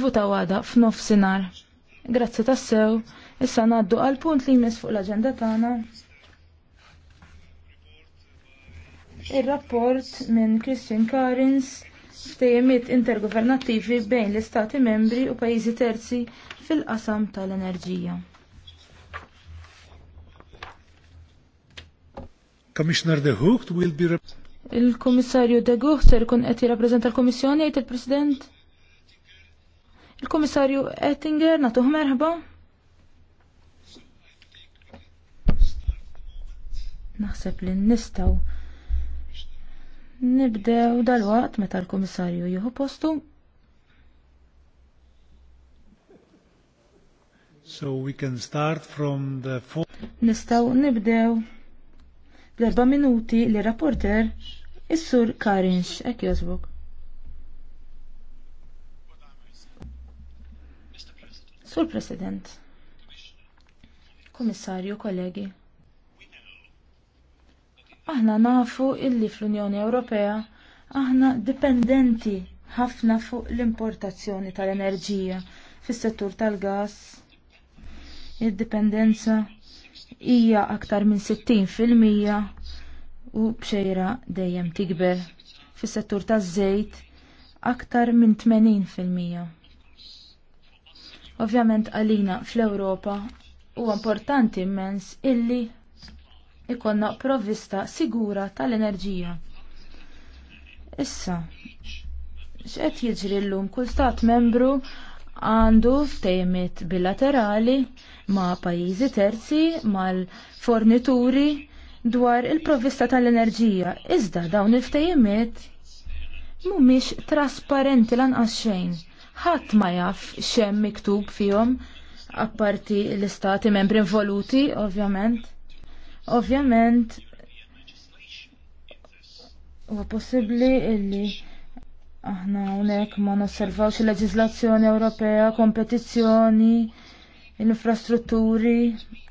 Vuta għada f'nofsinhar. Grazzi tassew, issa naddu għal punt li jmiss fuq l-agenda tagħna. Ir-rapport minn Christian Karins f'tejjemiet intergovernattivi bejn l-Istati membri u pajjiżi terzi fil-qasam tal-enerġija. Commissioner De Hoogt will be... il kummissarju De Hoogt ser kun qed jirrappreżenta l-Komissjoni jgħid il-President? Il-Komissarju Ettinger, natuħ merħba. Naħseb li nistaw nibdew dal-waqt meta l-Komissarju jieħu postu. So we can start from the four... Nistaw nibdew l-erba minuti li rapporter is-sur Karinx, Ekk jozbuk. Sur President, Komissarju, kollegi, aħna nafu illi fl-Unjoni Ewropea aħna dipendenti ħafna fuq l-importazzjoni tal-enerġija fis-settur tal-gas. Id-dipendenza hija aktar minn 60% u bxejra dejjem tikber. Fis-settur taż-żejt aktar minn 80%. Ovvjament għalina fl-Ewropa huwa importanti immens illi ikonna provvista sigura tal-enerġija. Issa, x'qed jiġri llum kull stat membru għandu ftejmiet bilaterali ma' pajjiżi terzi mal-fornituri dwar il-provvista tal-enerġija. Iżda dawn il-ftejmiet mhumiex trasparenti lanqas xejn ħadd ma jaf xem miktub fihom apparti l-istati membri involuti, ovvjament. Ovvjament huwa possibbli illi aħna hawnhekk ma nosservawx il-leġiżlazzjoni Ewropea, kompetizzjoni, l-infrastrutturi,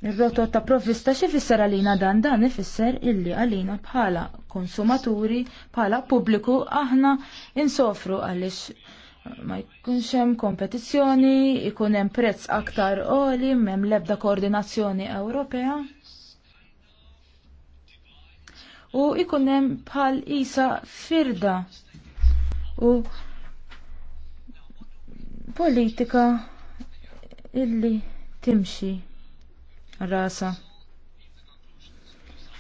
il-rotot ta' provvista xi fisser għalina dan dan ifisser illi għalina bħala konsumaturi, bħala pubbliku aħna insofru għaliex ma jkunx hemm kompetizzjoni, ikun hemm prezz aktar qoli, m'hemm l-ebda koordinazzjoni Ewropea. U ikun hemm bħal isa firda u politika illi timxi rasa.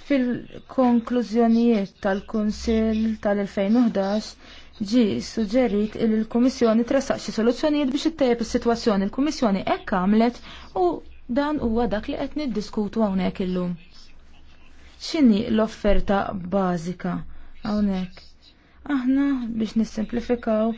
Fil-konklużjonijiet tal-Kunsill tal-2011 ġi suġġerit il l-Kummissjoni trasaq xi soluzzjonijiet biex ittejjeb is-sitwazzjoni. Il-Kummissjoni hekk għamlet u dan huwa dak li qed niddiskutu hawnhekk illum. X'inhi l-offerta bażika hawnhekk? Aħna biex nissimplifikaw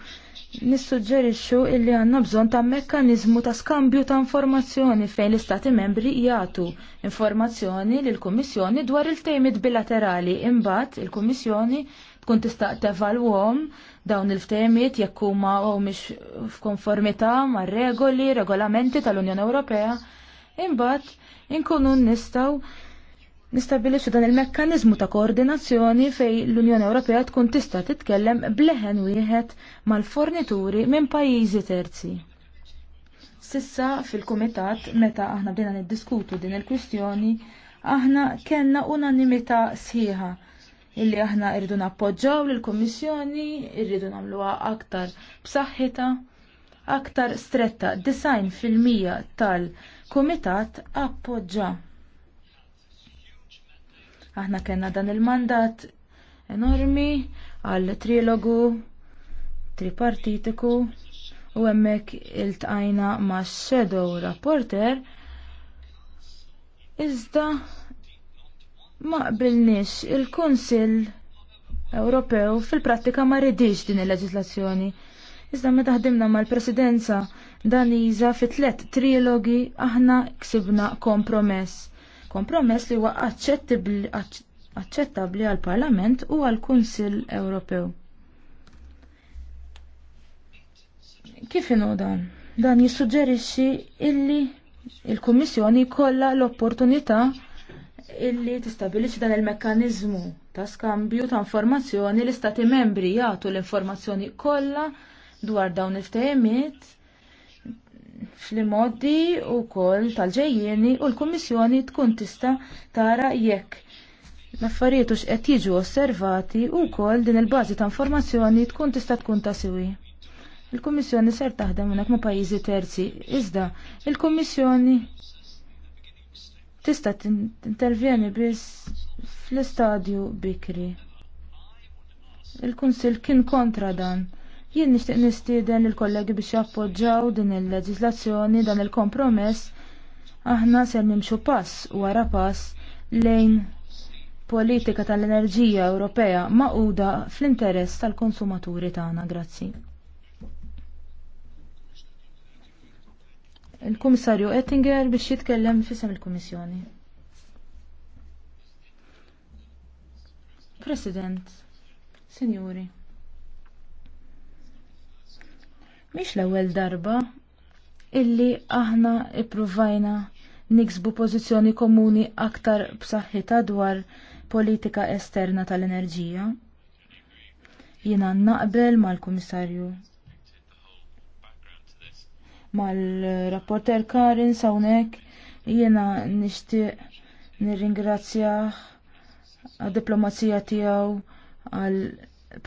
nissuġġerixxu illi għandna bżonn ta' mekkaniżmu ta' skambju ta' informazzjoni fejn l-Istati membri jagħtu informazzjoni lill kummissjoni dwar il-tejmit bilaterali imbagħad il-Kummissjoni tkun tista' tevalwhom dawn il-ftehmiet jekk huma mhix f'konformità mar-regoli, regolamenti tal-Unjoni Ewropea. Imbagħad inkunu nistgħu nistabilixxu dan il-mekkanizmu ta' koordinazzjoni fej l-Unjoni Ewropea tkun tista' titkellem bleħen wieħed mal-fornituri minn pajjiżi terzi. Sissa fil-Kumitat meta aħna bdejna niddiskutu din il-kwistjoni, aħna kellna unanimità sħiħa illi aħna irridu nappoġġaw lill kummissjoni irridu nagħmluha aktar b'saħħitha, aktar stretta, design fil-mija tal-kumitat appoġġa. Aħna kellna dan il-mandat enormi għal trilogu tripartitiku u hemmhekk iltqajna ma' shadow rapporter iżda ma qbilniex il-Kunsill Ewropew fil-prattika ma ridix din il-leġislazzjoni. Iżda meta ħdimna mal-presidenza Daniża fi tliet trilogi aħna ksibna kompromess. Kompromess li huwa aċċettabbli għal-Parlament u għal-Kunsill Ewropew. Kif inhu dan? Dan jissuġġerixxi illi il-Kummissjoni kollha l-opportunità illi tistabilixi dan il-mekkanizmu ta' skambju ta' informazzjoni li stati membri jagħtu l-informazzjoni kollha dwar dawn il-ftehimiet fl-modi u koll tal-ġejjieni u l-Kummissjoni tkun tista' tara jekk l-affarijiet ux qed jiġu osservati u kol din il-bażi ta' informazzjoni tkun tista' tkun ta' siwi. Il-Kummissjoni ser taħdem hawnhekk ma' pajjiżi terzi, iżda il-Kummissjoni tista' tintervjeni biss fl-istadju bikri. Il-Kunsil kien kontra dan. Jien nixtieq nistieden il-kollegi biex jappoġġaw din il-leġislazzjoni dan il-kompromess aħna ser nimxu pass wara pass lejn politika tal-enerġija Ewropea maquda fl-interess tal-konsumaturi tagħna. Grazzi. il-Kummissarju Ettinger biex jitkellem fisem il-Kummissjoni. President, Sinjuri, miex l-ewwel darba illi aħna ippruvajna niksbu pożizzjoni komuni aktar b'saħħitha dwar politika esterna tal-enerġija. Jiena naqbel mal-Kummissarju mal-rapporter Karin Sawnek jiena nixtieq nirringrazzjah għad-diplomazija tiegħu għal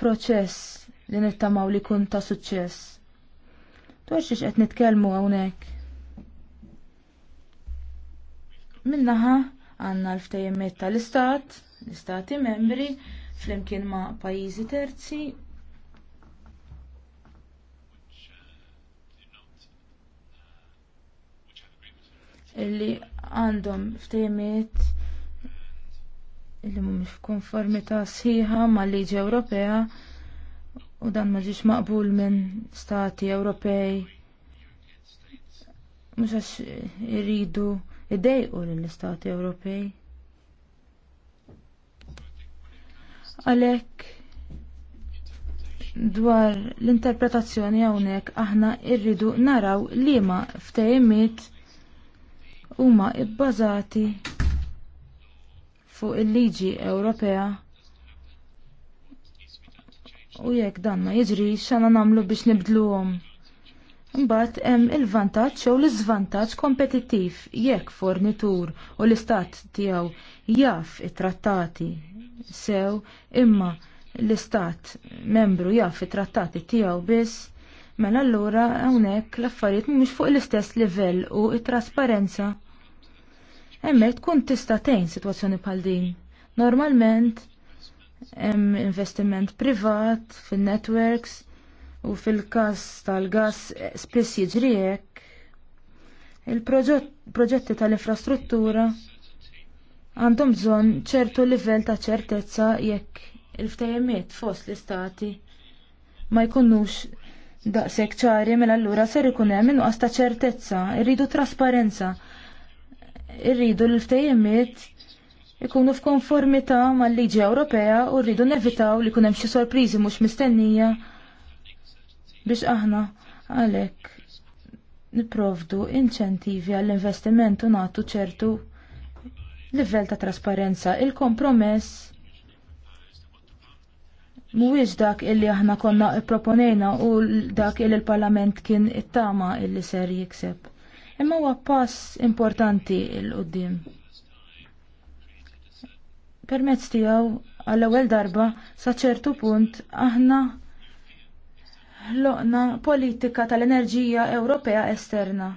proċess li nittamaw li kun ta' suċċess. Dwar xiex qed nitkellmu hawnhekk. Minnaħa għanna l-ftajemmet tal-istat, l-istati membri, flimkien ma' pajizi terzi, illi għandhom ftehimiet illi mhumiex f'konformità sħiħa mal-liġi Ewropea u dan ma ġiex maqbul minn stati Ewropej mhux għax iridu idejqu lill-istati Ewropej. Għalhekk dwar l-interpretazzjoni hawnhekk aħna rridu naraw liema ftehimiet huma bbażati fuq il-liġi Ewropea u jekk dan ma jiġrix xana nagħmlu biex nibdluhom. Imbagħad hemm il-vantaġġ jew l-iżvantaġġ kompetittiv jekk fornitur u l-istat tiegħu jaf it-trattati sew imma l-istat membru jaf it-trattati tiegħu biss Mela allura hawnhekk l-affarijiet mhumiex fuq l-istess livell u t-trasparenza. Hemmhekk tkun tista' tgħin sitwazzjoni bħal din. Normalment hemm investiment privat fin-networks u fil-każ tal-gas spiss jiġri hekk. Il-proġetti tal-infrastruttura għandhom bżonn ċertu livell ta' ċertezza jekk il-ftehimiet fost l-istati ma jkunux daqshekk ċari mela allura ser ikun hemm inqas ta' ċertezza, irridu trasparenza. Irridu l-ftejjemiet ikunu f'konformità mal-liġi Ewropea u rridu nevitaw li jkun hemm xi sorpriżi mhux mistennija biex aħna għalhekk nipprovdu inċentivi għall-investiment u nagħtu ċertu livell ta' trasparenza. Il-kompromess Mhuwiex dak illi aħna konna proponejna u dak illi l-Parlament kien it-tama illi ser jikseb. Imma huwa pass importanti l qoddim Permezz tiegħu għall-ewwel darba sa ċertu punt aħna loqna politika tal-enerġija Ewropea esterna.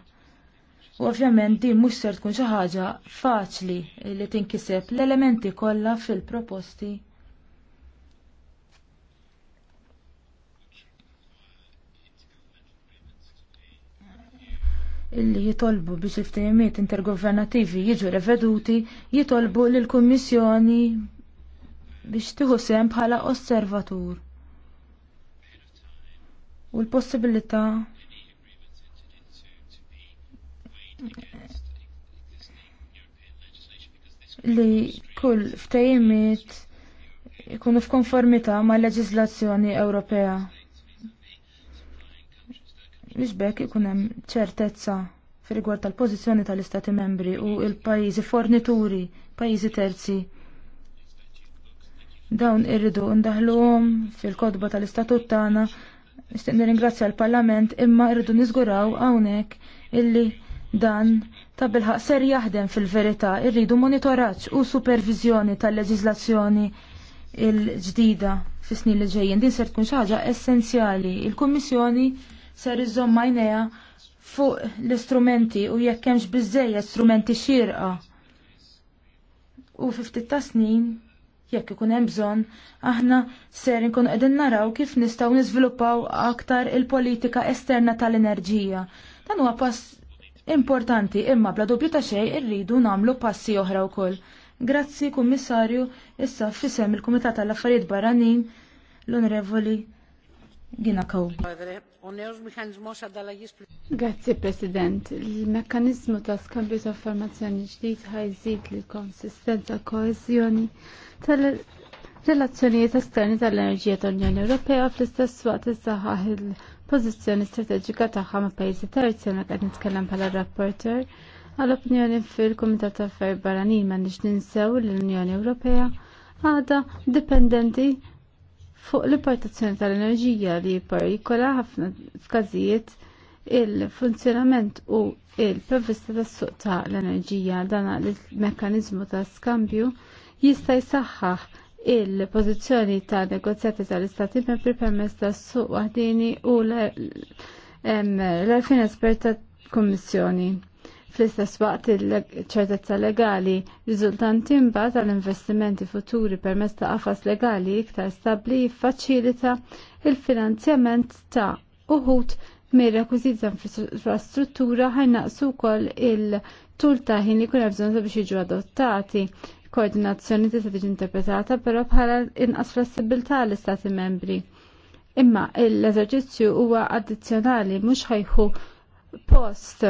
U ovvjament din mhux ser tkun xi ħaġa faċli li tinkiseb l-elementi kollha fil-proposti illi jitolbu biex il-ftehimiet intergovernativi jiġu reveduti jitolbu l-Kummissjoni biex tieħu sem bħala osservatur. U l-possibilità li kull ftehimiet ikunu f'konformità mal leġiżlazzjoni Ewropea biex bekk ikun hemm ċertezza fil rigward tal-pożizzjoni tal-Istati membri u l-pajjiżi fornituri, pajjiżi terzi. Dawn irridu ndaħluhom fil-kodba tal-istatut tagħna nixtieq nirringrazzja l-Parlament imma rridu niżguraw hawnhekk illi dan ta' bilħaq ser jaħdem fil-verità irridu monitoraġġ u supervizjoni tal-leġiżlazzjoni il-ġdida fis-snin li ġejjin din ser tkun xi ħaġa essenzjali. Il-Kummissjoni ser iżomm fuq l-istrumenti u jekk hemmx biżejjed strumenti xirqa. U fi ta' snin jekk ikun hemm bżonn, aħna ser nkunu qegħdin naraw kif nistgħu niżviluppaw aktar il-politika esterna tal-enerġija. Dan huwa pass importanti imma bla dubju ta' xejn irridu nagħmlu passi oħra wkoll. Grazzi, Kummissarju, issa fisem il-Kumitat tal-Affarijiet Barranin l-Onorevoli Gina President. Il-mekkanizmu ta' skambju ta' formazzjoni ġdid ħajżid li konsistenza koeżjoni tal-relazzjonijiet esterni tal-enerġija tal-Unjoni Ewropea fl-istess waqt issaħħaħ il-pożizzjoni strateġika tagħha ma' pajjiżi terzi għandna qed nitkellem bħala rapporter għall opinjoni fil-Kumitat ta' Affarijiet Barranin ma nix ninsew l-Unjoni Ewropea għadha dipendenti fuq l-importazzjoni tal-enerġija li perikola ħafna f'każijiet il-funzjonament u il-provvista tas suq ta' l-enerġija dan l mekanizmu ta' skambju jista' jsaħħaħ il-pożizzjoni ta' negozjati tal-Istati membri permezz tas suq waħdini u l-għalfin esperta kummissjoni fl-istess waqt il-ċertezza legali riżultanti imbagħad tal-investimenti futuri permezz ta' qafas legali iktar stabbli jiffaċilita il-finanzjament ta' uħud mir rekwiżit ta' infrastruttura ħajnaqsu wkoll il-tul ta' ħin li jkun hemm bżonn biex jiġu adottati koordinazzjoni tista' tiġi interpretata però bħala inqas flessibilità l-istati membri. Imma l-eżerċizzju huwa addizzjonali mhux ħajħu post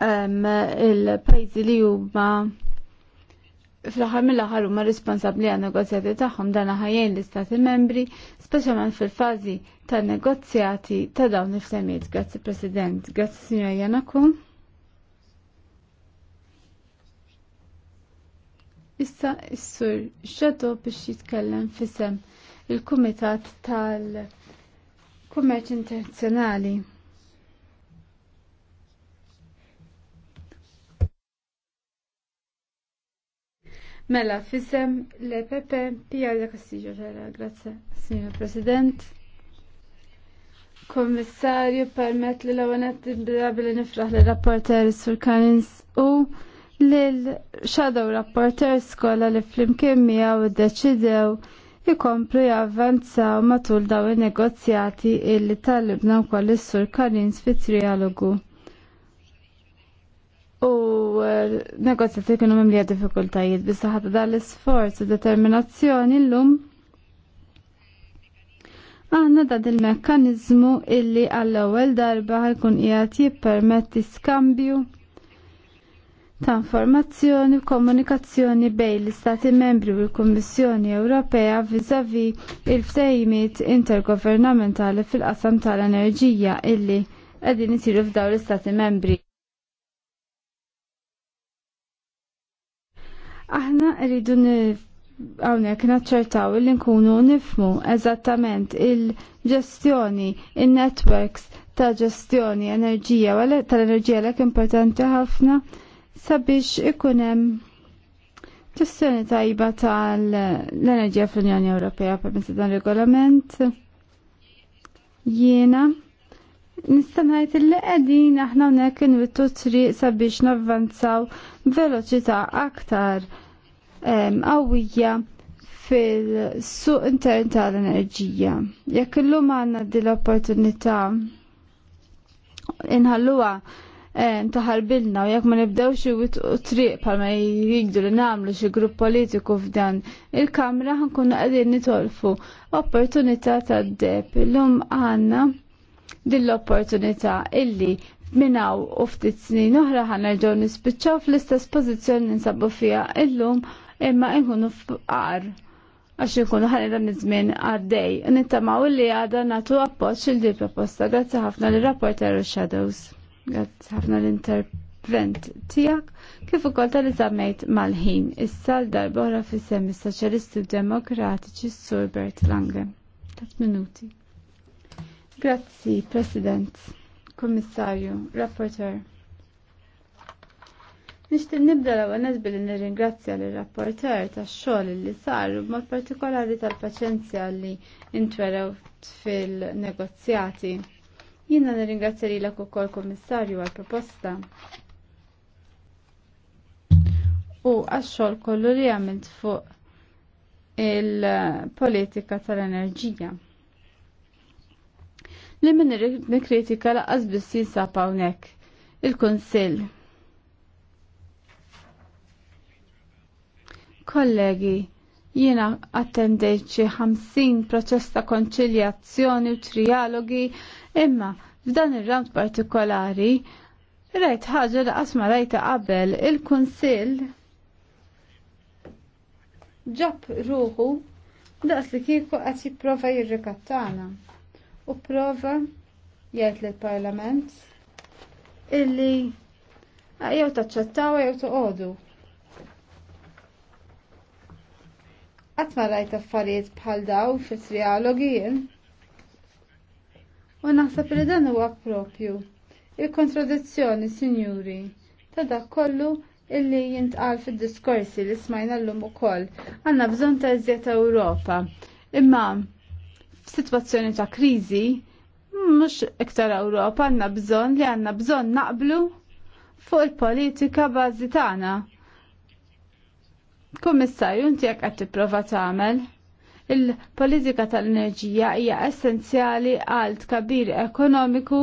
il-pajzi li huma fl-aħħar mill-aħħar huma responsabbli għan negozjati tagħhom dan ħajjin l-istati membri, speċjalment fil-fażi tan negozjati ta' dawn il-ftemiet. Grazzi President, grazzi Signora Janaku. Issa s-sur xedo biex jitkellem fisem il-Kumitat tal-Kummerċ Internazzjonali. Mela, fissem le Pepe Pia de Castillo ġera, grazie, signor President. Kommissarju, permet li l-għonet bil nifraħ li rapporter sur Kanins u l-shadow rapporter skola li flimkien id-deċidew jikomplu javvanzaw matul daw il-negozjati illi tal-libna wkoll is-sur Kanins fit-trialogu u eh, negozjati kienu mimlija diffikultajiet bissa ħata dal-sforz u determinazzjoni l-lum għanna dan il-mekkanizmu illi għall-ewwel darba ħajkun qiegħed jippermetti skambju ta' informazzjoni u komunikazzjoni bejn l-Istati membri u l-Kummissjoni Ewropea vizavi il ftejmit intergovernamentali fil-qasam tal-enerġija illi qegħdin isiru f'dawn l-Istati membri. Aħna rridu għawnek naċċertaw li nkunu nifmu eżattament il-ġestjoni, il-networks ta' ġestjoni enerġija u tal-enerġija l importanti ħafna sabiex ikunem ġestjoni tajba tal-enerġija fl-Unjoni Ewropea per dan regolament jiena Nistanajt li qegħdin aħna hawnhekk inwittu triq sabiex navvanzaw veloċità aktar qawwija fil-suq intern tal-enerġija. Jekk illum għandna din l-opportunità inħalluha taħarbilna u jekk ma nibdewx triq palma jgħidu li namlu xi grupp politiku f'dan il-kamra ħankun qegħdin nitolfu opportunità tad-deb. Illum għandna dill-opportunità illi minnaw u ftit snin oħra ħanerġgħu nispiċċaw fl-istess pożizzjoni nsabu fiha illum imma nkunu f'qar għax nkunu ħanira nizmin għaddej. Nittamaw li għada natu appoċ il di proposta grazzi ħafna li rapporter u shadows. Grazzi ħafna l-intervent tijak kif ukoll tal żammejt mal-ħin issa l-darba fi semmi soċjalisti demokratiċi Surbert Lange. Tat minuti. Grazzi, President, Kommissarju, Rapporteur. Nishtin nibda l għanet billi nirringrazzja l rapporteur ta' xogħol li sar b'mod partikolari tal-paċenzja li intwerew fil-negozjati. Jina nirringrazzja li l u ukoll kommissarju għal-proposta. U għax-xogħol kollu li għamilt fuq il-politika tal-enerġija li min nikritika laqas biss jinsab hawnhekk il-Kunsill. Kollegi, jiena attendejt xi 50 proċess ta' konċiljazzjoni u trialogi imma f'dan ir-round partikolari Rajt ħaġa li ma rajta qabel il kunsill ġab ruħu daqs li kieku qed jipprova jirrikattana u prova jgħid lill parlament illi jew taċċettaw jew toqogħdu. Qatt ma rajt affarijiet bħal daw fit-trialogi jien. U naħseb li dan huwa propju il-kontradizzjoni, sinjuri, ta' dak kollu illi jintqal fid-diskorsi li smajna llum ukoll. Għandna bżonn ta' iżjed Ewropa. Imma f'sitwazzjoni ta' kriżi mhux iktar Ewropa għandna bżonn li għandna bżonn naqblu fuq il-politika bażi tagħna. Kummissarju, inti jekk qed tipprova tagħmel, il-politika tal-enerġija hija essenzjali għal tkabbir ekonomiku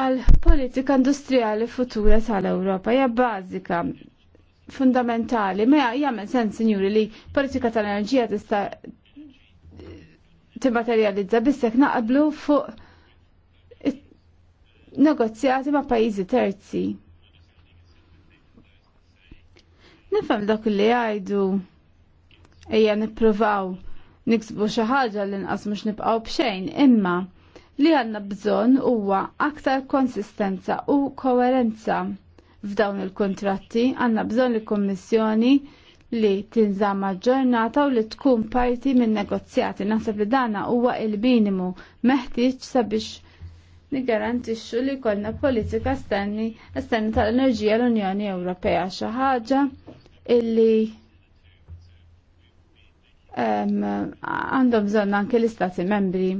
għal politika industrijali futura tal-Ewropa hija bażika fundamentali. Ma jagħmel sens, sinjuri, li politika tal-enerġija tista' timmaterializza bissek naqblu fuq negozjati ma' pajizi terzi. Nifhem dak li għajdu ejja nippruvaw niksbu xi ħaġa li nqas mhux nibqgħu b'xejn, imma li għandna bżonn huwa aktar konsistenza u koerenza f'dawn il-kontratti, għandna bżonn li kummissjoni li tinżamma ġurnata u li tkun parti minn negozjati. Naħseb li dana huwa il-minimu meħtieġ sabiex nigarantixxu li kollna politika stenni stenni tal-enerġija l-Unjoni Ewropea xi ħaġa illi għandhom bżonn anke l-Istati membri.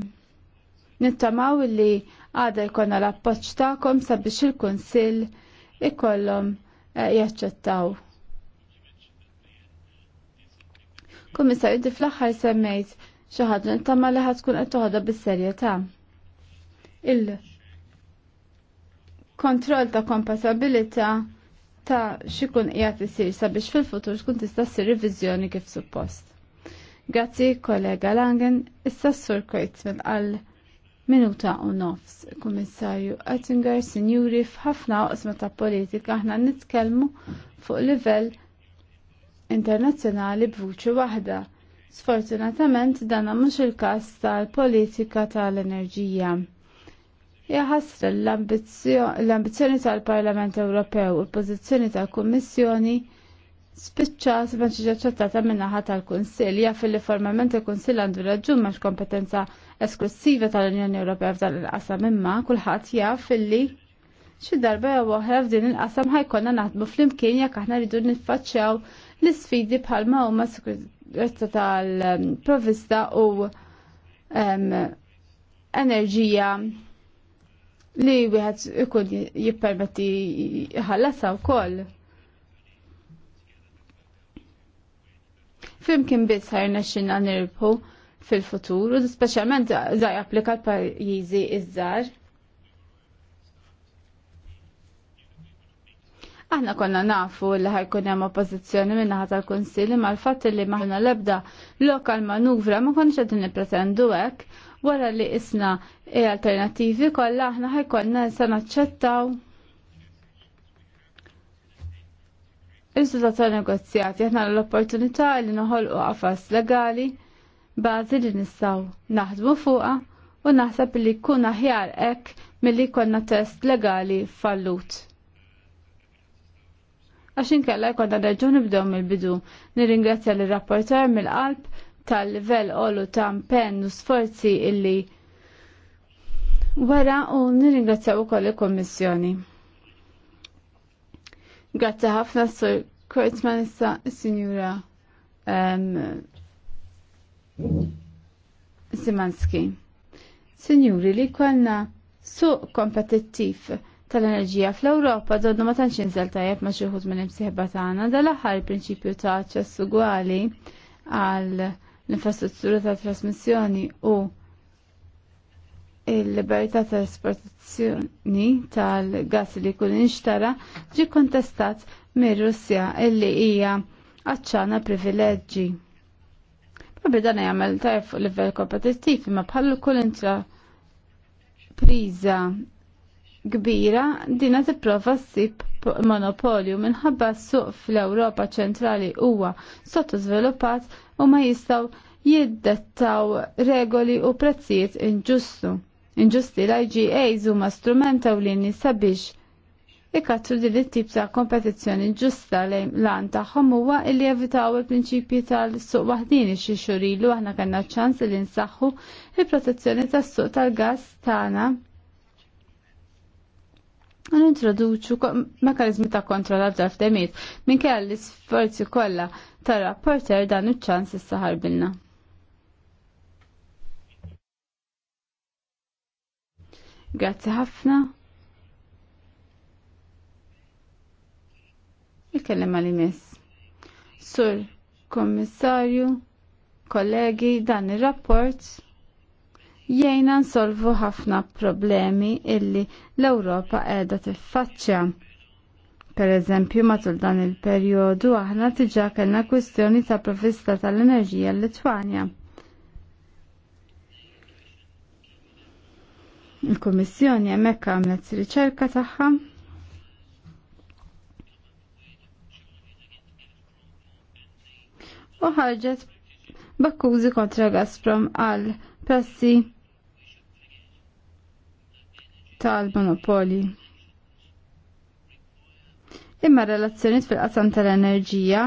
Nittamaw li għada jkollna l-appoċ tagħkom sabiex il-Kunsill ikollhom eh, jaċċettaw Komissarju di fl-aħħar semmejt xi ħaġa li ħad tkun qed toħodha bis-serjetà. Il kontroll ta' kompatibilità ta' xikun qiegħed isir sabiex fil-futur tkun tista' ssir riviżjoni kif suppost. Grazzi kollega Langen, issa s-sur Kreutzmann għal minuta u nofs. Kummissarju Oettinger, sinjuri, f'ħafna oqsma ta' politika aħna nitkellmu fuq livell internazzjonali b'vuċi waħda. Sfortunatament dan mhux il-każ tal-politika tal-enerġija. Jaħasr l-ambizzjoni tal-Parlament Ewropew u l-pożizzjoni tal-Kummissjoni spiċċat ma ġiġa ċattata minnaħa tal-Kunsill jaf li formalment il-Kunsill għandu raġun max kompetenza esklusiva tal-Unjoni Ewropea f'dan il-qasam imma kulħadd jaf illi xi darba jew oħra f'din il-qasam ħajkonna naħdmu flimkien jekk aħna rridu niffaċċjaw l-sfidi bħalma huma sikurezza tal-provista u enerġija li wieħed ikun jippermetti jħallasha wkoll. Flimkien biss ħajna xinna nirbħu fil-futur u speċjalment da japplika l-pajjiżi iż-żgħar. Aħna konna nafu li ħajkun hemm oppożizzjoni minn naħa tal-Kunsilli mal fat li maħna lebda lokal manuvra ma konniex qed nippretendu hekk wara li isna e alternattivi kollha aħna ħajkonna se naċċettaw il ta' negozjati aħna l-opportunità li u għafas legali bażi li nistgħu naħdmu fuqha u naħseb li ħjar aħjar hekk milli konna test legali fallut għaxin kalla jkollna raġuni bdew mill-bidu. Nirringrazzja l rapporter mill-qalb tal-livell olu ta' impenn u sforzi illi wara u nirringrazzja wkoll il-Kommissjoni. Grazzi ħafna sur Kurtzman issa sinjura ehm, Simanski. Sinjuri li konna suq kompetittiv tal-enerġija fl-Ewropa doddu ma tantx inżel tajjeb ma xi wħud minn imsieħba tagħna dal-aħħar prinċipju ta' aċċess ugwali għal l-infrastruttura ta' trasmissjoni u il liberità ta' esportazzjoni tal-gas li kull nixtara ġi kontestat mir-Russja illi hija għacċana privileġġi. Probi dan jagħmel tajf fuq livell kompetittiv imma bħal kull intra priża kbira dina tipprova ssib monopolju minħabba s-suq fl-Ewropa ċentrali huwa sottosviluppat u ma jistaw jiddettaw regoli u prezzijiet inġustu. Inġusti l-IGA huma strument ewlieni sabiex ikattu din it-tip ta' kompetizzjoni ġusta lejn lan tagħhom huwa li jevitaw il-prinċipji tal-suq waħdini xi xurilu aħna kellna ċans li nsaħħu il-protezzjoni tas-suq tal-gas tagħna Għan introduċu mekanizmi ta' kontrol għabdar f'demiet minn kell l isforzi kolla ta' rapporter dan il-ċans issa ħarbilna. Grazzi ħafna. Ikellem għal miss. Sur, kommissarju, kollegi, dan il-rapport jgħina nsolvu ħafna problemi illi l-Ewropa qiegħda tiffaċċja. Per eżempju, matul dan il-perjodu aħna diġà kellna kwistjoni ta' provvista tal-enerġija l-Litwanja. Il-Kummissjoni hemmhekk għamlet riċerka tagħha u ħarġet bakkużi kontra Gazprom għal prassi tal-monopoli. Imma relazzjoniet fil-qasam tal-enerġija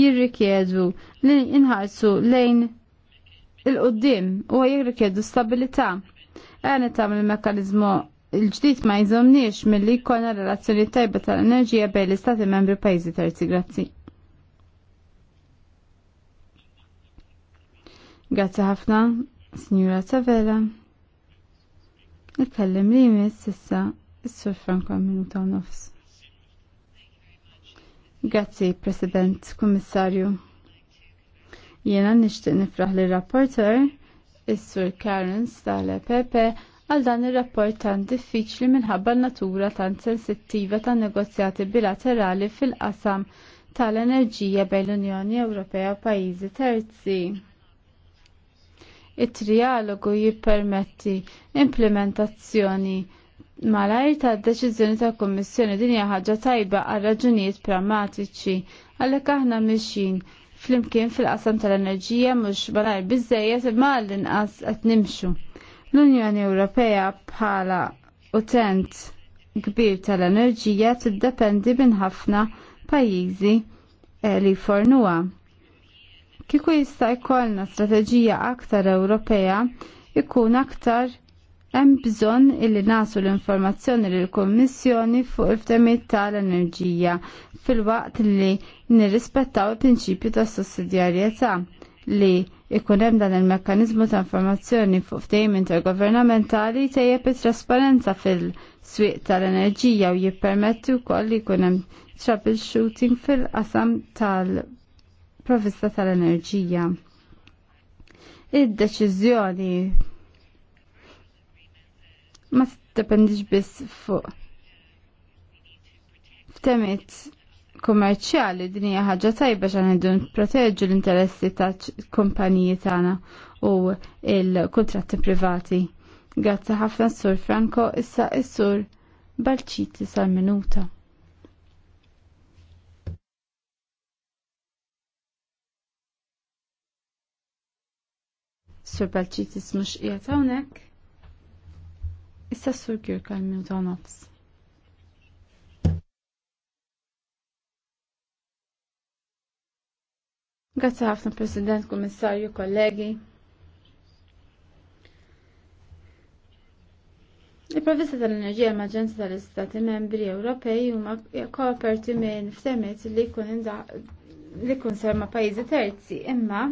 jirrikjedu li inħarsu lejn il-qoddim u jirrikjedu stabilità. Għan tam il-mekanizmu il ġdijt ma jizomniex mill-li jkollna relazzjoni tajba tal-enerġija bejn l-istati membri pajjiżi terzi grazzi. Grazzi ħafna, Signora Tavella. Nitkellem li jmiss sissa is-sur Franco minuta u nofs. Grazzi, President, Kommissarju. Jena nixtieq nifraħ li rapporter is-sur Karen Stale pepe għal dan ir-rapport tant diffiċli minħabba natura tant sensittiva tan negozjati bilaterali fil-qasam tal-enerġija bejn l-Unjoni Ewropea u pajjiżi terzi it-trialogu jippermetti implementazzjoni malajr ta' deċiżjoni ta' Kommissjoni din hija ħaġa tajba għal raġunijiet pragmatiċi għalhekk aħna mixin flimkien fil-qasam tal-enerġija mhux malajr biżejjed imma l-inqas qed nimxu. L-Unjoni Ewropea bħala utent kbir tal-enerġija tiddependi minn ħafna pajjiżi eh, li fornuha. Kieku jista' jkollna strateġija aktar Ewropea ikun aktar hemm bżonn illi nasu l-informazzjoni lil kummissjoni fuq il-ftemiet tal-enerġija fil-waqt li nirrispettaw il-prinċipju tas sussidjarjetà li ikun hemm dan il-mekkaniżmu ta' informazzjoni fuq ftehim intergovernamentali tejjeb it-trasparenza fil-swieq tal-enerġija u jippermetti wkoll li jkun hemm troubleshooting fil-qasam tal- provvista tal-enerġija. Id-deċiżjoni ma tiddependix biss fuq f'temiet kummerċjali din hija ħaġa tajba xan għandu nipproteġu l-interessi ta' kumpaniji tagħna u l-kuntratti privati. Grazzi ħafna sur Franco issa is-sur Balċiti sal-minuta. sur Balċitis mhux qiegħed hawnhekk. Issa s-sur Kirka nofs. Grazie ħafna President, Kummissarju, kollegi. Il-provvista tal-enerġija e emerġenza tal-Istati membri Ewropej huma koperti minn ftemiet li jkun li pajjiżi terzi, imma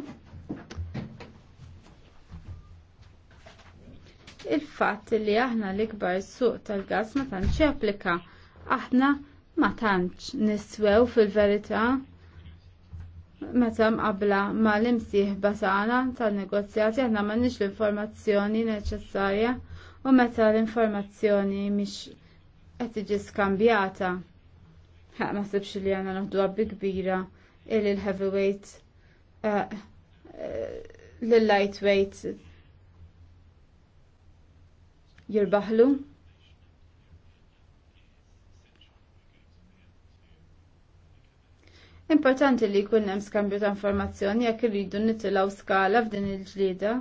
il-fatt li aħna l-ikbar suq tal-gas ma tantx japplika. Aħna ma tantx niswew fil-verità meta mqabbla ma l-imsieħba tan-negozjati aħna m'għandniex l-informazzjoni neċessarja u meta l-informazzjoni mhix qed tiġi skambjata. Ħaq ma sibx li għandna noħduha bi kbira il-heavyweight eh, eh, l-lightweight jirbaħlu. Importanti li jkun hemm skambju ta' informazzjoni jekk irridu nitilgħu skala f'din il-ġlieda.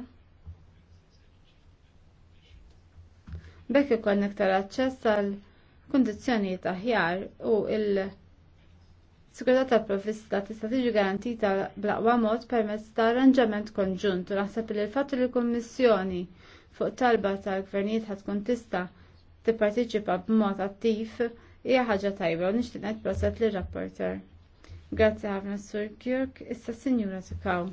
Bekk ikoll iktar aċċess għal kundizzjonijiet aħjar u il Sigurtà tal-provvista tista' tiġi garantita bl-aqwa mod permezz ta' arranġament konġunt u naħseb li l-fatt li l-Kummissjoni fuq talba tal gvernijiet ħad tkun tista' tipparteċipa b'mod attiv hija ħaġa tajba u nixtieq ngħid proset lir rapporter Grazzi ħafna Sur Kirk, issa Sinjura Tukaw.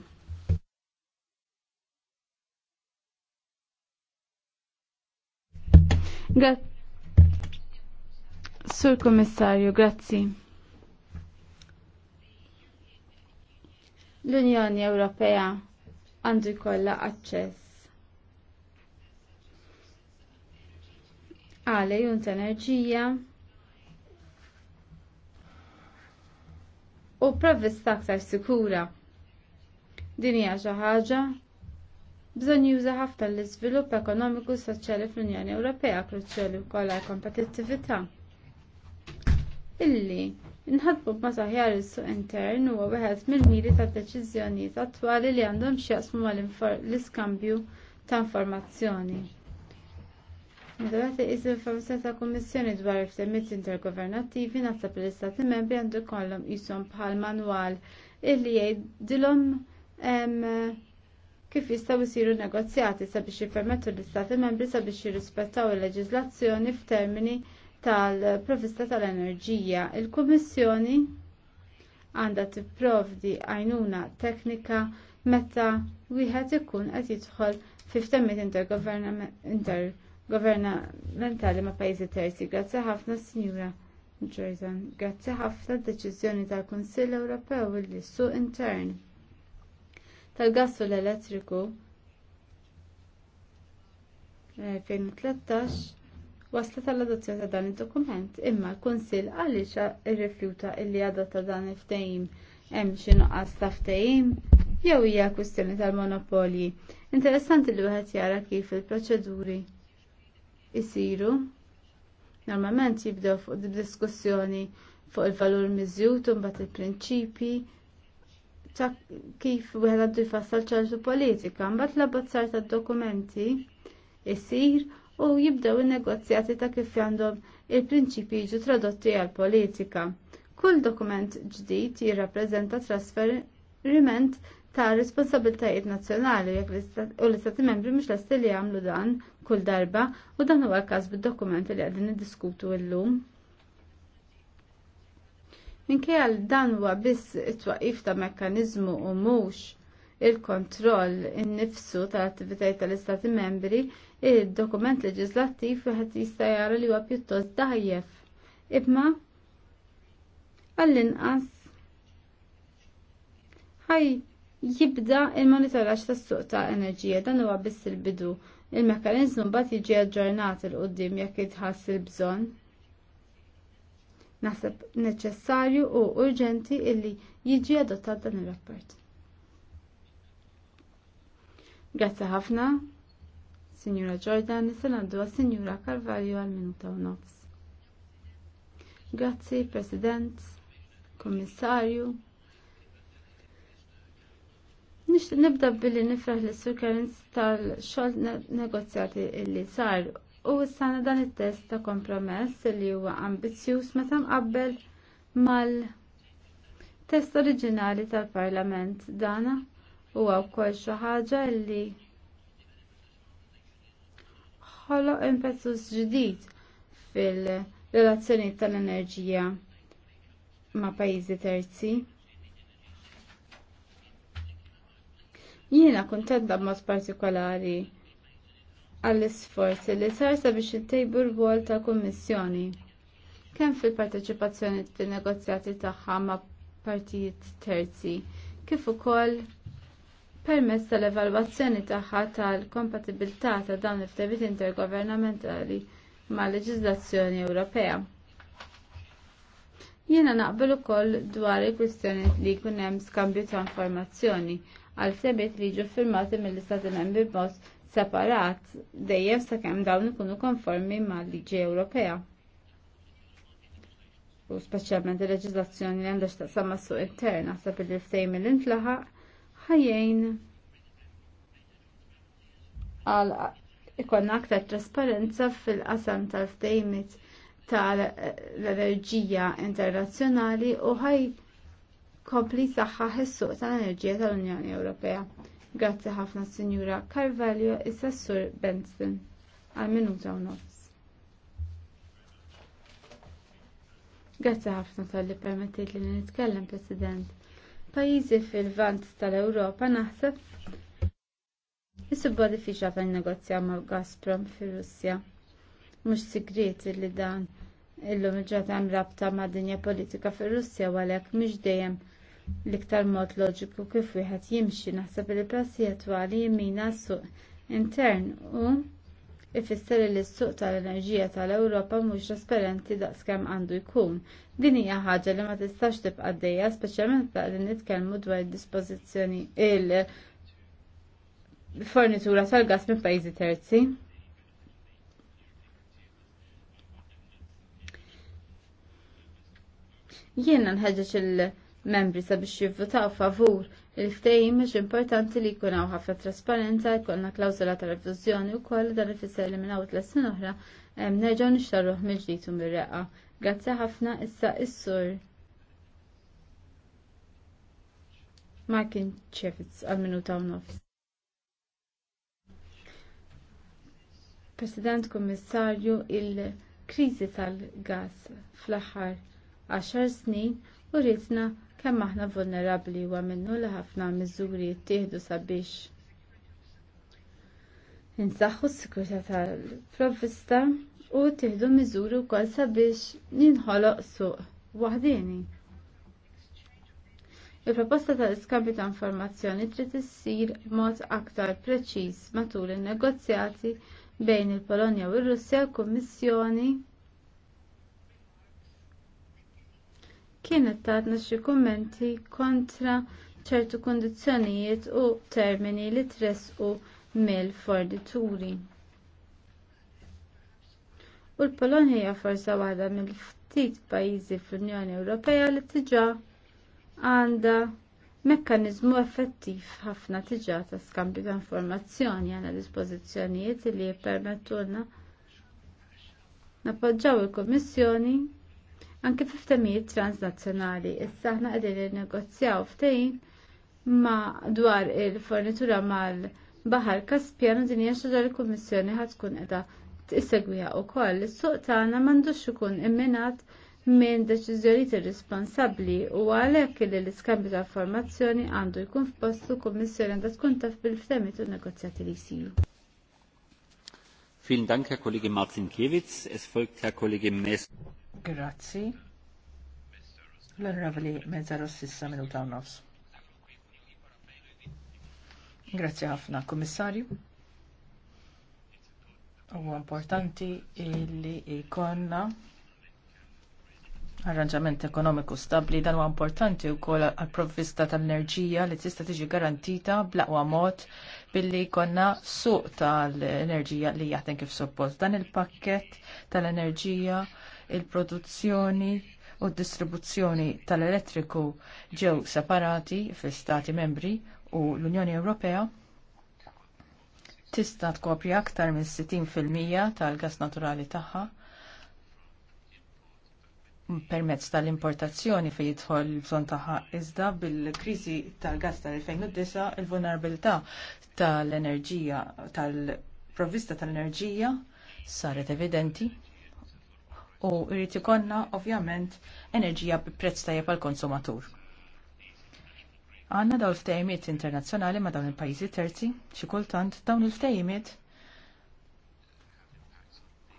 Sur Kommissarju, grazzi. L-Unjoni Ewropea għandu jkollha aċċess għale junt enerġija u provvista aktar sikura. Din hija xi ħaġa bżonn juża ħafna l-iżvilupp ekonomiku soċjali fl-Unjoni Ewropea kruċjali wkoll għal kompetittività. Illi Inħadbu ma saħjar is-suq intern huwa wieħed mill-miri tad-deċiżjonijiet attwali li għandhom x'jaqsmu mal-iskambju ta' informazzjoni. Meta is il-forza ta' Kummissjoni dwar il-ftehmiet intergovernattivi naħseb l-Istati Membri għandu kollhom qishom bħal manwal illi jgħidilhom kif jistgħu jsiru negozjati sabiex jippermettu l-Istati Membri sabiex jirrispettaw il-leġiżlazzjoni f'termini tal-provista tal-enerġija. Il-Kummissjoni għandha tipprovdi għajnuna teknika meta wieħed ikun qed jidħol fi ftehmiet intergovernattivi governamentali ma' pajjiżi terzi. Grazzi ħafna, Sinjura Jordan. Grazzi ħafna d-deċiżjoni tal-Kunsill Ewropew li suq intern tal gassu l-elettriku 2013 wasla tal-adozzjoni ta' dan id-dokument imma l-Kunsill għaliex irrifjuta illi adotta dan il-ftehim hemm xi nuqqas ta' ftehim jew hija kwistjoni tal-monopolji. Interessanti li wieħed jara kif il-proċeduri isiru. Normalment jibdew fuq diskussjoni fuq il-valur miżjut u mbagħad il-prinċipi ta' kif wieħed għandu jfassal ċertu politika, mbagħad l-abbozzar tad-dokumenti isir u jibdew in-negozjati ta' kif għandhom il-prinċipji jiġu tradotti għal politika. Kull dokument ġdid jirrappreżenta trasferiment ta' responsabiltajiet nazzjonali u l-istati membri mhux lesti li jagħmlu dan kull darba u dan huwa l-każ bid-dokumenti li qegħdin niddiskutu llum. Minkejja dan huwa biss it-twaqif ta' mekkaniżmu u mhux il-kontroll innifsu tal-attivitajiet tal-istati membri, id dokument leġislattiv wieħed jista' jara li huwa pjuttost dajjef. Imma għall-inqas ħaj jibda il-monitoraġġ tas-suq ta' enerġija dan huwa biss il-bidu. Il-mekkaniżmu mbagħad jiġi aġġornat il qudiem jekk jitħass il-bżonn. Naħseb neċessarju u urġenti illi jiġi adottat dan ir-rapport. Grazzi ħafna, Signora Jordan, għandu għas Signora Carvalho għal minuta u nofs. Grazzi, President, Kommissarju. Nix nibda billi nifraħ l sur Karins tal-xol negozjati illi sar u s-sana dan il-test ta' kompromess li huwa ambizjuż meta qabbel mal-test oriġinali tal-Parlament dana huwa wkoll xi ħaġa li ħoloq impetus ġdid fil-relazzjoni tal-enerġija ma' pajjiżi terzi. Jiena kuntenta b'mod partikolari għall-isforzi li sar sabiex ittejbu tejbur għol ta' kummissjoni. Kemm fil-parteċipazzjoni fin-negozjati tagħha ma' partijiet terzi, kif ukoll permezz tal-evalwazzjoni tagħha tal-kompatibilità ta' dawn il-ftehimiet intergovernamentali mal leġiżlazzjoni Ewropea. Jiena naqbel ukoll dwar il-kwistjoni li jkun hemm skambju ta' informazzjoni għal sebet li ġu firmati mill-Istati Membri b'mod separat dejjem sakemm dawn ikunu konformi mal-liġi Ewropea. U speċjalment il-leġiżlazzjoni li għandha x'taqsam mas-suq intern sab li ftejm mill-intlaħaq ħajjejn għal ikonna aktar trasparenza fil-qasam tal-ftejmit tal-enerġija internazzjonali u ħaj kompli saħħa is suq tal enerġija tal-Unjoni Ewropea. Grazzi ħafna Sinjura Carvalho issa Sur Benson għal minuta u nofs. Grazzi ħafna tal-li permettit li nitkellem President. Pajjiżi fil-vant tal-Ewropa naħseb Is-subba diffiċa fejn negozja ma' Gazprom fir-Russja. Mhux sigriet li dan illum il-ġat hemm rabta ma' dinja politika fir-Russja għalhekk mhix dejjem l-iktar mod loġiku kif wieħed jimxi naħseb li prassi attwali jimina s-suq intern u ifisser li s-suq tal-enerġija tal-Ewropa mhux trasparenti daqskemm għandu jkun. Din hija ħaġa li ma tistax tibqa' għaddejja, speċjalment li nitkellmu dwar dispożizzjoni il-fornitura tal-gas minn pajjiżi terzi. Jiena nħeġġeġ il- membri sabiex jivvotaw favur il-ftehim mhux importanti li jkun hawn ħafna trasparenza, jkollna klawżola ta' reviżjoni wkoll dan ifisser li minn hawn tliet oħra nerġgħu nixtarruh mill-ġdid u mir-reqqa. Grazzi ħafna issa is-sur. Markin kien għal minuta u nofs. President Kommissarju, il-krizi tal-gas fl aħħar 10 snin u ridna kemm aħna vulnerabbli u minnu li ħafna miżuri jittieħdu sabiex insaħħu s sikurta tal-provvista u tieħdu miżuri wkoll sabiex ninħoloq suq waħdieni. Il-proposta tal-iskambju ta' informazzjoni trid issir b'mod aktar preċiż matul in-negozjati bejn il-Polonja u r-Russja l-Kummissjoni kienet tatna xi kummenti kontra ċertu kundizzjonijiet u termini li tresqu mill-fornituri. U l-Polonja hija forsa waħda mill-ftit pajjiżi fl-Unjoni Ewropea li diġà għandha mekkaniżmu effettiv ħafna tiġà ta' skambju ta' informazzjoni għal dispożizzjonijiet li jippermettulna Napoġġaw il-Kummissjoni anke f'ftemijiet transnazzjonali. Issa aħna qegħdin negozjaw ftehim ma dwar il-fornitura mal-Baħar Kaspjan u din hija xi l-Kummissjoni ħad tkun qiegħda tissegwiha wkoll. Is-suq tagħna m'għandux ikun imminat minn deċiżjonijiet irresponsabbli u għalhekk li l-iskambju ta' informazzjoni għandu jkun f'postu kummissjoni għandha tkun taf bil-ftemiet u negozjati li jsiru. Vielen Dank, Herr Kollege Martin Kiewitz. Es folgt Herr Kollege Mess. Grazzi. L-Onorevoli Mezzaro Sissa minuta u nofs. Grazzi ħafna, Komissarju. Huwa importanti illi jkollna arranġament ekonomiku stabbli dan huwa importanti wkoll għall provvista tal-enerġija li tista' tiġi garantita blaqwa mod billi jkollna suq tal-enerġija li jaħdem kif suppost. Dan il-pakkett tal-enerġija il-produzzjoni u d-distribuzzjoni tal-elettriku ġew separati fl-Stati membri u l-Unjoni Ewropea tista' tkopri aktar minn 60% tal-gas naturali tagħha permezz tal-importazzjoni fejn jidħol l bżonn tagħha iżda bil-kriżi tal-gas tal-2009 il-vulnerabilità tal-enerġija tal-provvista tal-enerġija saret evidenti u irrid ikonna ovvjament enerġija bi prezz tajjeb għall konsumatur Għanna dawn il-ftejmiet internazzjonali ma dawn il-pajjiżi terzi, xi kultant dawn il-ftejmiet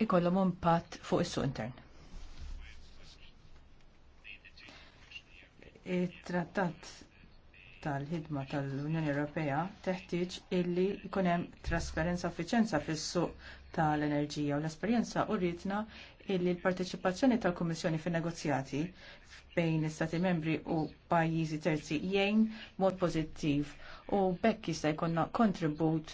ikollhom impatt fuq is-suq intern. it-trattat tal-ħidma tal-Unjoni Ewropea teħtieġ illi jkun hemm trasparenza u fis-suq tal-enerġija u l-esperjenza u rritna illi l-parteċipazzjoni tal-Kummissjoni fin negozjati bejn istati membri u pajjiżi terzi jgħin mod pożittiv u bekk jista' jkollna kontribut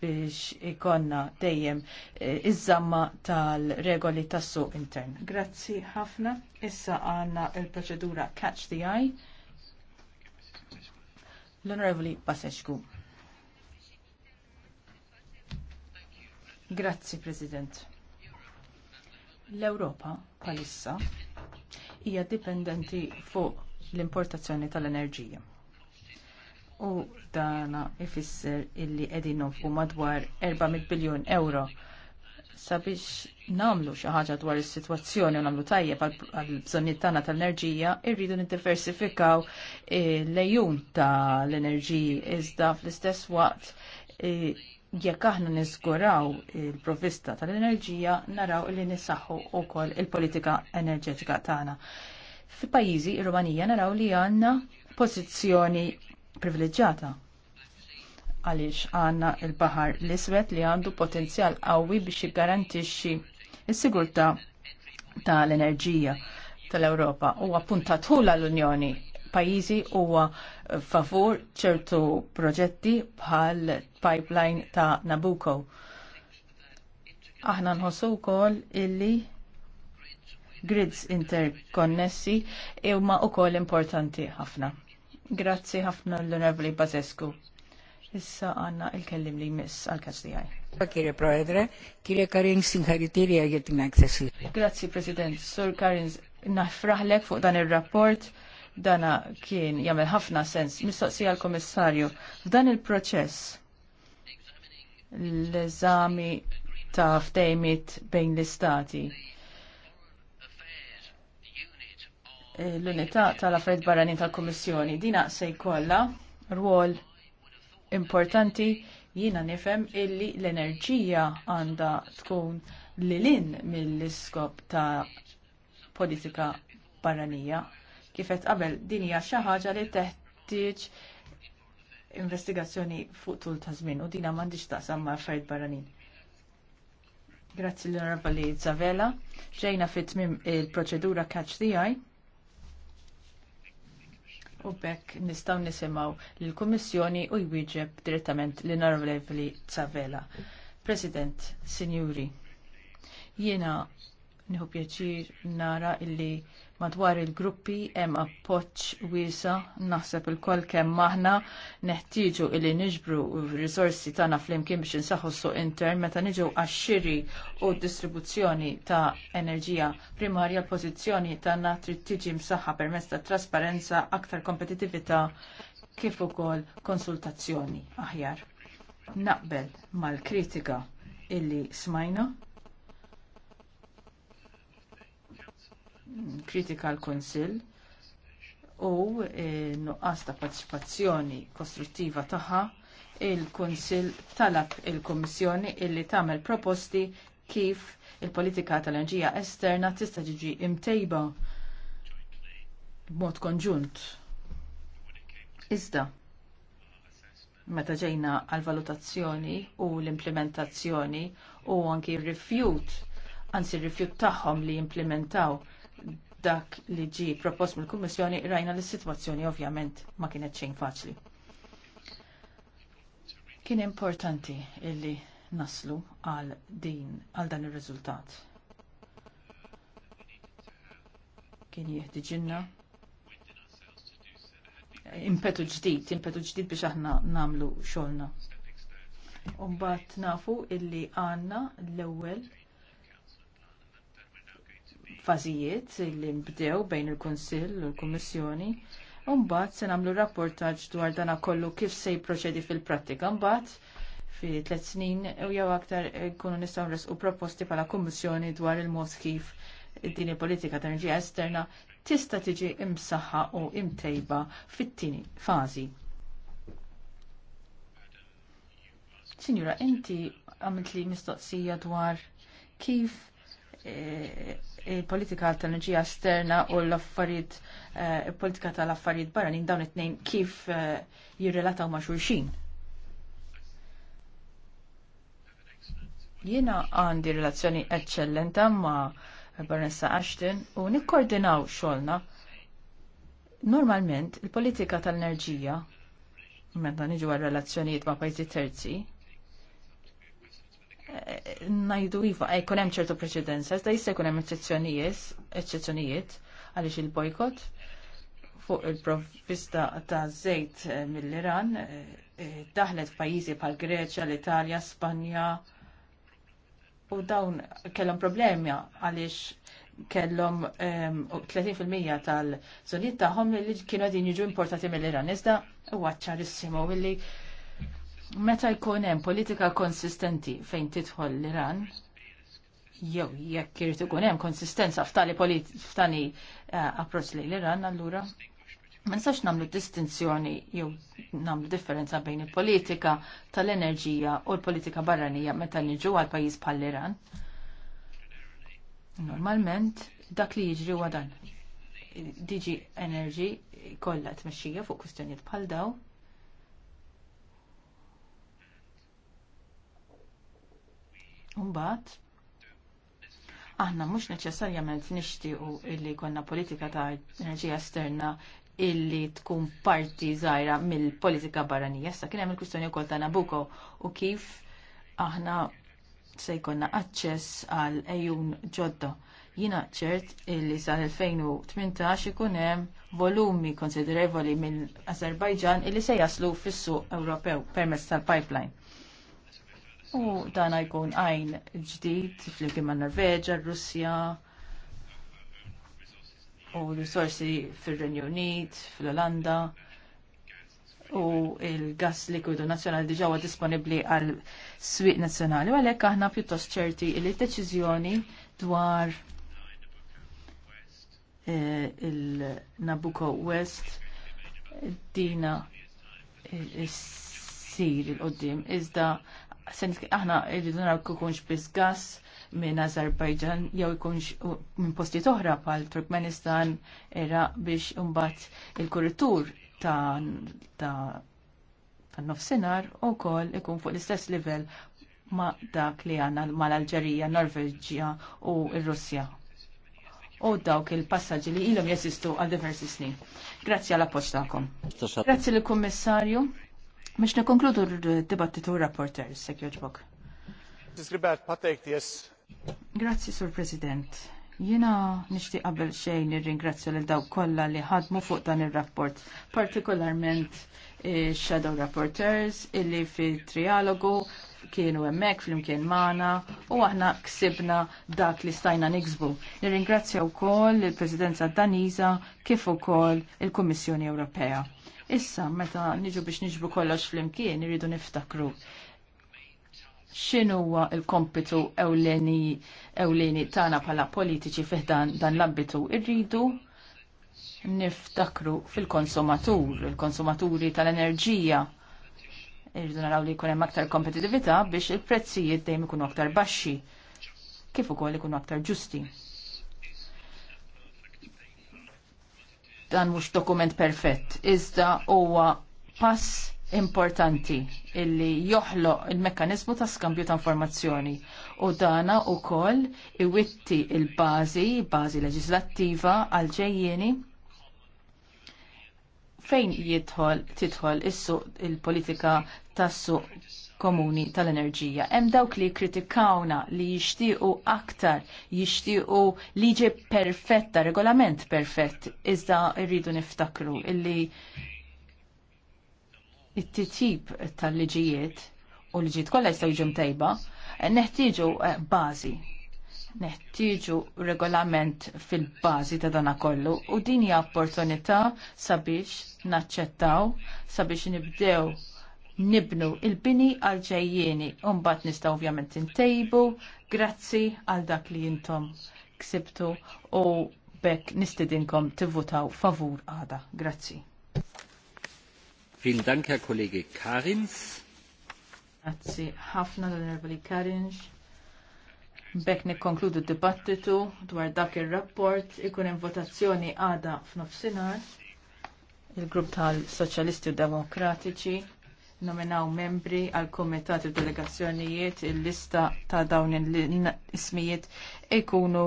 biex ikonna dejjem eh, iż-żamma tal-regoli tas-suq intern. Grazzi ħafna. Issa għandna l-proċedura Catch the Eye. L-Onorevoli Basescu. Grazzi, President l-Ewropa bħalissa hija dipendenti fuq l-importazzjoni tal-enerġija. U dana ifisser illi qegħdin nofqu madwar 400 biljun euro sabiex nagħmlu xi ħaġa dwar is-sitwazzjoni u nagħmlu tajjeb għall bżonnijiet tagħna tal-enerġija, irridu niddiversifikaw eh, lejun tal-enerġiji iżda fl-istess waqt eh, jekk aħna niżguraw il-provista tal-enerġija naraw li nisaħħu wkoll il-politika enerġetika tagħna. Fi pajjiżi ir-Rumanija naraw li għandna pożizzjoni privileġġjata għaliex għandna il-baħar l-iswed li għandu potenzjal qawwi biex jiggarantixxi s-sigurtà tal-enerġija tal-Ewropa huwa puntatħula l-Unjoni pajjiżi huwa favur ċertu proġetti bħal pipeline ta' Nabucco. Aħna nħossu wkoll illi grids interkonnessi imma wkoll importanti ħafna. Grazzi ħafna l-Onorevoli Bazescu. Issa għanna il-kellim li miss għal-kazdijaj. Kire Proedre, kire Karin sinħaritirja jettin aksessi. Grazzi President, Sur Karin, nafraħlek fuq dan il-rapport Dana kien jagħmel ħafna sens. Mistoqsija l-Komissarju, f'dan il-proċess l-eżami ta' ftejmit bejn l-istati. L-unità tal-affarijiet barranin tal-Kummissjoni dina se jkollha rwol importanti jiena nifhem illi l-enerġija għandha tkun lilin mill-iskop ta' politika barranija Kifet qabel din hija xi ħaġa li teħtieġ investigazzjoni fuq tul ta' żmien u dina m'għandix taqsam ma' affarijiet barranin. Grazzi l li Zavela. Ġejna fit tmim il-proċedura Catch the Eye. U bekk nistaw nisimaw l kummissjoni u jwieġeb direttament l li Zavela. President, Signuri, jiena nħu pjaċir nara illi madwar il-gruppi hemm appoġġ wiesa naħseb il-koll kemm aħna neħtieġu illi niġbru r-risorsi tagħna flimkien biex insaħħu suq intern meta niġu għax-xiri u distribuzzjoni ta' enerġija primarja l-pożizzjoni tagħna trid tiġi msaħħa permezz ta' trasparenza aktar kompetitività kif ukoll konsultazzjoni aħjar. Naqbel mal-kritika illi smajna kritika l-Konsil u eh, nuqqas ta' partecipazzjoni kostruttiva tagħha, il-Kunsill talab il-Kummissjoni illi tagħmel proposti kif il-politika tal-enerġija esterna tista' tiġi imtejba b'mod konġunt. Iżda, meta ġejna għall valutazzjoni u l-implementazzjoni u anki r-rifjut, anzi r-rifjut tagħhom li jimplementaw dak li ġi propost mill-Kummissjoni rajna li s-sitwazzjoni ovvjament ma kienet xejn faċli. Kien importanti illi naslu għal din għal dan ir-riżultat. Kien jeħdiġinna impetu ġdid, impetu ġdid biex aħna namlu xolna. Umbat nafu illi għanna l-ewwel fażijiet li nbdew bejn il-Kunsill u l-Kummissjoni. u mbagħad se nagħmlu rapportaġġ dwar dana kollu kif se jipproċedi fil-prattika. Mbagħad fi tliet snin u jew aktar jkunu nistgħu nresqu proposti bħala Kummissjoni dwar il-mod kif din il-politika ta' enerġija esterna tista' tiġi imsaħħa u imtejba fit-tieni fażi. Sinjura, inti għamilt li mistoqsija dwar kif eh, il-politika tal-enerġija esterna u l-affarijiet eh, il-politika tal-affarijiet barranin dawn it-tnejn kif eh, jirrelataw ma' xulxin. Jiena għandi relazzjoni eccellenta ma' Baronessa Ashton u nikkoordinaw xolna. Normalment il-politika tal-enerġija meta niġu għal relazzjonijiet ma' pajjiżi terzi najdu iva, eh, jkun hemm ċertu preċedenza, da jista' jkun hemm eċċezzjonijiet għaliex il-bojkot fuq il-provvista ta' żejt eh, mill-Iran eh, daħlet pajizi pal Greċja, l-Italja, Spanja u dawn kellhom problemi għaliex kellhom 30% ehm, tal-żonijiet tagħhom li kienu qegħdin jiġu importati mill-Iran. Iżda huwa ċarissimu illi meta jkun hemm politika konsistenti fejn tidħol l-Iran, jew jekk irid ikun hemm konsistenza f'tali f'tani eh, approċċ lejn l-Iran allura ma nistax nagħmlu distinzjoni jew nagħmlu differenza bejn il-politika tal-enerġija u l-politika barranija meta niġu għal pajjiż bħal l-Iran. Normalment dak li jiġri huwa dan. Diġi enerġi kollha tmexxija fuq kwistjonijiet bħal dawn Umbat, aħna mhux neċessarjament nixtiequ illi jkollna politika ta' enerġija esterna illi tkun parti żgħira mill-politika barranija. sa kien hemm il-kwistjoni wkoll ta' Nabucco u kif aħna se jkollna aċċess għal ejjun ġodda. Jiena ċert illi sal-2018 ikun hemm volumi konsiderevoli mill-Azerbajġan illi se jaslu fis-suq Ewropew permezz tal-pipeline. U dan jkun għajn ġdid fl-imkien ma' Norveġa, Russja u risorsi fil-Renju Unit, fil-Olanda u il-gas likwidu nazjonali diġa huwa disponibbli għal swieq nazzjonali u għalhekk aħna pjuttost ċerti li d-deċiżjoni dwar eh, il-Nabucco West dina eh, sir il-qoddim iżda aħna irridu naraw kikunx biss gass minn Azerbajġan jew ikunx minn postijiet oħra bħal Turkmenistan era biex imbagħad il-kuritur ta' nofsinhar ukoll ikun fuq l-istess livell ma' dak li għandna mal-Alġerija, Norveġġja u r-Russja. U dawk il-passaġġi li ilhom jeżistu għal diversi snin. Grazzi għal appoġġ tagħkom. Grazzi lill kummissarju Biex nikonkludu r debattitu rapporter, sekjoġbok. Grazzi, Sur President. Jina nishti qabel xejn nirringrazzja lil dawk kollha li ħadmu fuq dan ir-rapport, partikolarment eh, shadow rapporteurs illi fi trialogu kienu hemmhekk flimkien magħna u aħna ksibna dak li stajna niksbu. Nirringrazzja wkoll il-Presidenza Daniża kif ukoll il-Kummissjoni Ewropea. Issa, meta niġu biex niġbu kollox fl-imkien, irridu niftakru huwa il-kompitu ewleni, ewleni tana pala politiċi fiħdan dan l-ambitu irridu niftakru fil-konsumatur, il-konsumaturi tal-enerġija. Irridu naraw li jkun hemm aktar kompetitività biex il-prezzijiet dejjem ikunu aktar baxxi kif ukoll ikunu aktar ġusti. dan mhux dokument perfett, iżda huwa pass importanti illi joħloq il-mekkanizmu ta' skambju ta' informazzjoni u dana u koll iwitti il-bazi, bazi leġislattiva għal-ġejjeni fejn jidħol titħol il-politika tassu komuni tal-enerġija. Hemm dawk li kritikawna li jixtiequ aktar, jixtiequ liġi perfetta, regolament perfett, iżda rridu niftakru illi it-titjib tal-liġijiet u liġijiet kollha jistgħu jiġu mtejba, neħtieġu eh, bażi. Neħtieġu regolament fil-bażi ta' dana kollu u din hija opportunità sabiex naċċettaw, sabiex nibdew nibnu il-bini għal-ġejjieni unbat nista ovvjament intejbu grazzi għal dak li jintom ksibtu u bekk nistidinkom tivvutaw favur għada. Grazzi. Vielen Dank, Herr Kollege Karins. Grazzi ħafna l-Onorevoli Karins. Bekk nikkonkludu d-dibattitu dwar dak ir-rapport ikun hemm votazzjoni għada f'nofsinhar il-grupp tal-Soċjalisti u Demokratiċi nominaw membri għal komitat il delegazzjonijiet il-lista ta' dawn l-ismijiet ikunu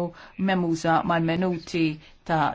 memuża mal-menuti ta'